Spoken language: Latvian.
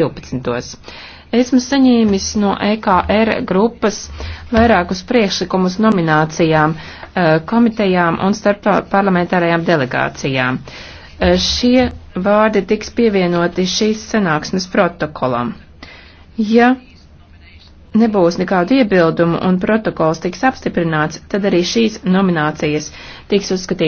12. Esmu saņēmis no EKR grupas vairākus priekšlikumus nominācijām, eh, komitejām un starp parlamentārajām delegācijām. Eh, šie vārdi tiks pievienoti šīs sanāksmes protokolam. Ja nebūs nekādu iebildumu un protokols tiks apstiprināts, tad arī šīs nominācijas tiks uzskatītas.